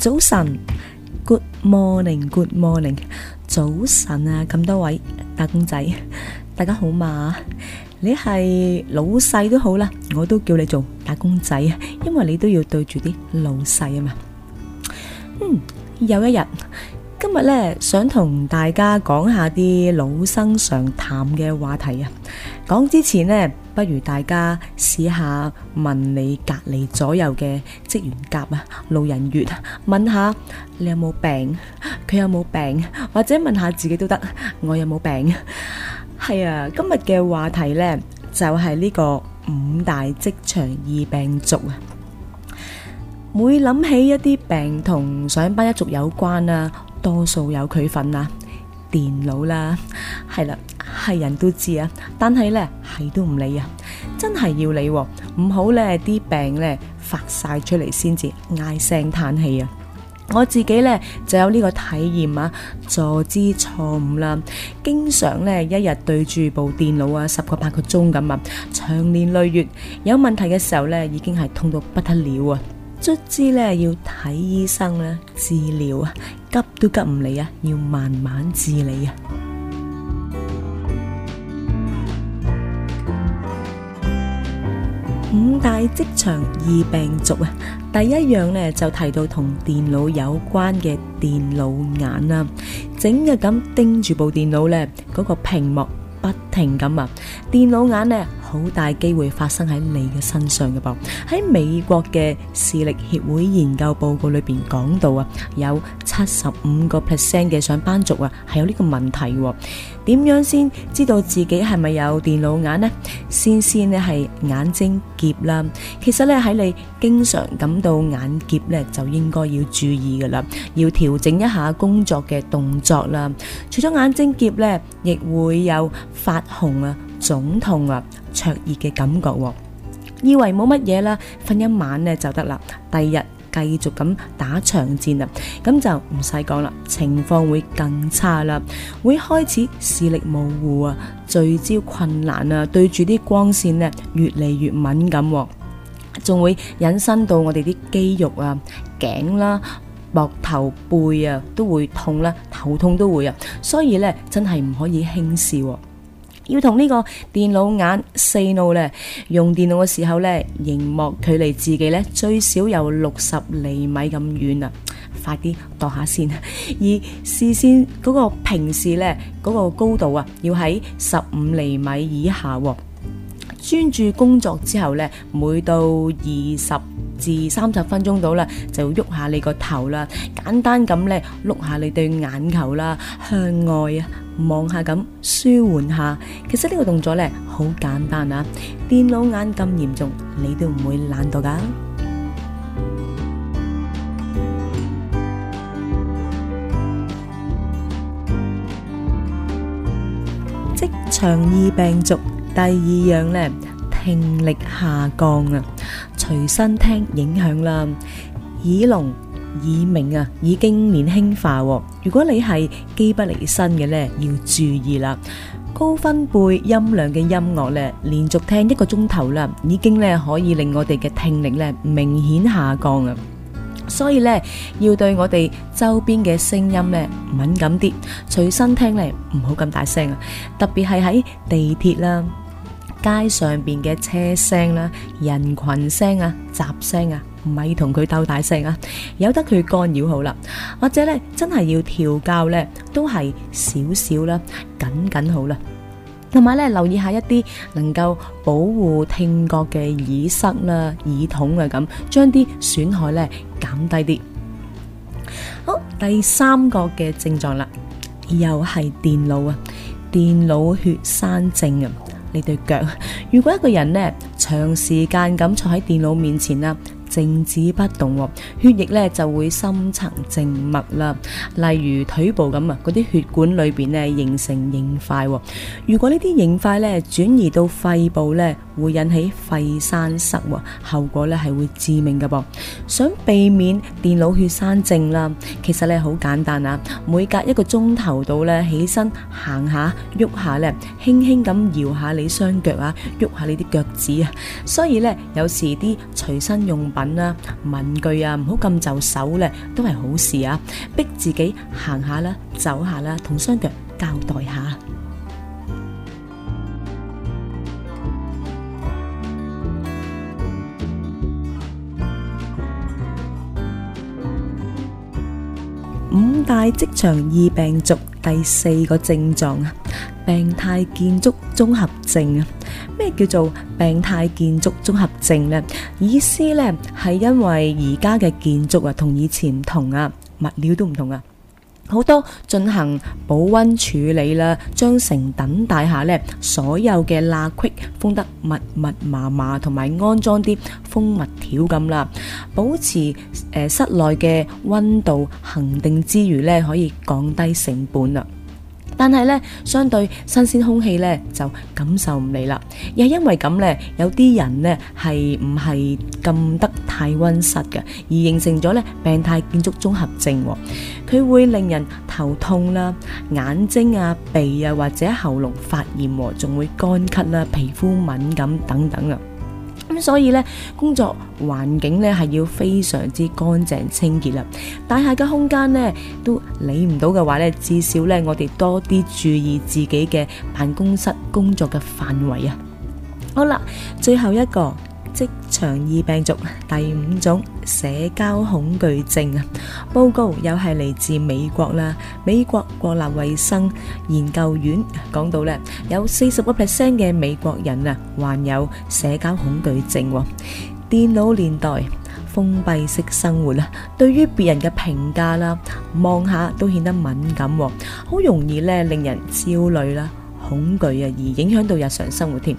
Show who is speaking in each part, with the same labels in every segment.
Speaker 1: 早晨，Good morning，Good morning，早晨啊，咁多位打工仔，大家好嘛？你係老細都好啦，我都叫你做打工仔啊，因為你都要對住啲老細啊嘛。嗯，有一日，今日呢，想同大家講下啲老生常談嘅話題啊。講之前呢。不如大家試下問你隔籬左右嘅職員甲啊、路人乙，問下你有冇病，佢有冇病，或者問下自己都得，我有冇病？係啊，今日嘅話題呢就係呢個五大職場易病族啊！每諗起一啲病同上班一族有關啊，多數有佢份啦，電腦啦，係啦，係人都知啊，但係呢係都唔理啊。真係要你喎，唔好咧，啲病咧發晒出嚟先至唉聲嘆氣啊！我自己咧就有呢個體驗啊，坐姿錯誤啦，經常咧一日對住部電腦啊，十個八個鐘咁啊，長年累月有問題嘅時候咧，已經係痛到不得了啊！卒之咧要睇醫生啦、啊，治療啊，急都急唔嚟啊，要慢慢治理啊！但係職場易病族，第一樣咧就提到同電腦有關嘅電腦眼啦，整日咁盯住部電腦咧，嗰、嗰個屏幕不停咁啊，電腦眼咧。好大機會發生喺你嘅身上嘅噃。喺美國嘅視力協會研究報告裏邊講到啊，有七十五個 percent 嘅上班族啊係有呢個問題。點樣先知道自己係咪有電腦眼呢？先先呢係眼睛澀啦，其實呢喺你經常感到眼澀呢就應該要注意㗎啦，要調整一下工作嘅動作啦。除咗眼睛澀呢，亦會有發紅啊。腫痛啊，灼熱嘅感覺，以為冇乜嘢啦，瞓一晚呢就得啦，第二日繼續咁打長戰啊，咁就唔使講啦，情況會更差啦，會開始視力模糊啊，聚焦困難啊，對住啲光線呢越嚟越敏感，仲會引申到我哋啲肌肉啊，頸啦、膊頭、背啊都會痛啦，頭痛都會啊，所以呢真係唔可以輕視。要同呢個電腦眼 say no 咧，用電腦嘅時候呢熒幕距離自己呢最少有六十厘米咁遠啊！快啲度下先，而視線嗰個平時呢，嗰、嗰個高度啊，要喺十五厘米以下、啊。專注工作之後呢，每到二十至三十分鐘到啦，就喐下你個頭啦、啊，簡單咁呢，碌下你對眼球啦、啊，向外啊！望下咁，舒緩下，其實呢個動作咧好簡單啊！電腦眼咁嚴重，你都唔會懶到噶。職場易病族，第二樣咧，聽力下降啊，隨身聽影響啦，耳聾。耳鳴啊，已經年輕化。如果你係機不離身嘅咧，要注意啦。高分貝音量嘅音樂咧，連續聽一個鐘頭啦，已經咧可以令我哋嘅聽力咧明顯下降啊。所以咧，要對我哋周邊嘅聲音咧敏感啲，隨身聽咧唔好咁大聲啊，特別係喺地鐵啦。街上邊嘅車聲啦、人群聲啊、雜聲啊，咪同佢鬥大聲啊，由得佢干擾好啦。或者咧，真係要調校咧，都係少少啦，緊緊好啦。同埋咧，留意下一啲能夠保護聽覺嘅耳塞啦、耳筒啊，咁將啲損害咧減低啲。好，第三個嘅症狀啦，又係電腦啊，電腦血栓症啊。你對腳，如果一個人咧長時間咁坐喺電腦面前啦。靜止不動，血液咧就會深層靜脈啦。例如腿部咁啊，嗰啲血管裏邊咧形成凝塊。如果形呢啲凝塊咧轉移到肺部咧，會引起肺栓塞，後果咧係會致命㗎噃。想避免電腦血栓症啦，其實咧好簡單啊，每隔一個鐘頭到咧起身行下，喐下咧，輕輕咁搖下你雙腳啊，喐下你啲腳。子啊，所以咧，有時啲隨身用品啊、文具啊，唔好咁就手咧、啊，都係好事啊！逼自己行下啦，走下啦，同雙腳交代下。五大職場易病族第四個症狀。病態建築綜合症啊？咩叫做病態建築綜合症呢？意思呢係因為而家嘅建築啊，同以前唔同啊，物料都唔同啊，好多進行保溫處理啦，將成等大廈呢，所有嘅罅隙封得密密麻麻，同埋安裝啲封密條咁啦，保持誒室內嘅溫度恆定之餘呢，可以降低成本啦。但係咧，相對新鮮空氣咧就感受唔嚟啦。又因為咁咧，有啲人呢係唔係咁得太温室嘅，而形成咗咧病態建築綜合症。佢、哦、會令人頭痛啦、眼睛啊、鼻啊或者喉嚨發炎，仲會乾咳啦、皮膚敏感等等。所以咧，工作環境咧係要非常之乾淨清潔啦。大廈嘅空間呢，都理唔到嘅話呢，至少咧我哋多啲注意自己嘅辦公室工作嘅範圍啊。好啦，最後一個。職場易病族，第五種社交恐懼症啊！報告又係嚟自美國啦。美國國立衛生研究院講到咧，有四十個 percent 嘅美國人啊，患有社交恐懼症。電腦年代封閉式生活啦，對於別人嘅評價啦，望下都顯得敏感，好容易咧令人焦慮啦、恐懼啊，而影響到日常生活添。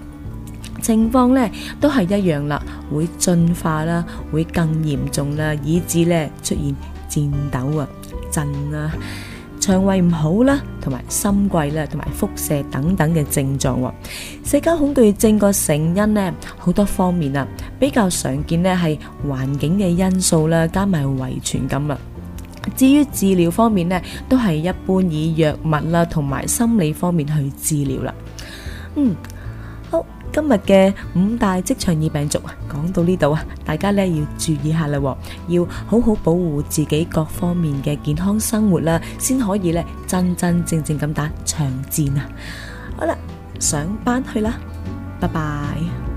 Speaker 1: 情況呢都係一樣啦，會進化啦，會更嚴重啦，以致呢出現顫抖啊、震啊、腸胃唔好啦，同埋心悸啦，同埋腹瀉等等嘅症狀。社交恐懼症個成因呢好多方面啊，比較常見呢係環境嘅因素啦，加埋遺傳咁啦。至於治療方面呢，都係一般以藥物啦同埋心理方面去治療啦。嗯。好，今日嘅五大職場易病族講到呢度啊，大家咧要注意下啦，要好好保護自己各方面嘅健康生活啦，先可以咧真真正正咁打長戰啊！好啦，上班去啦，拜拜。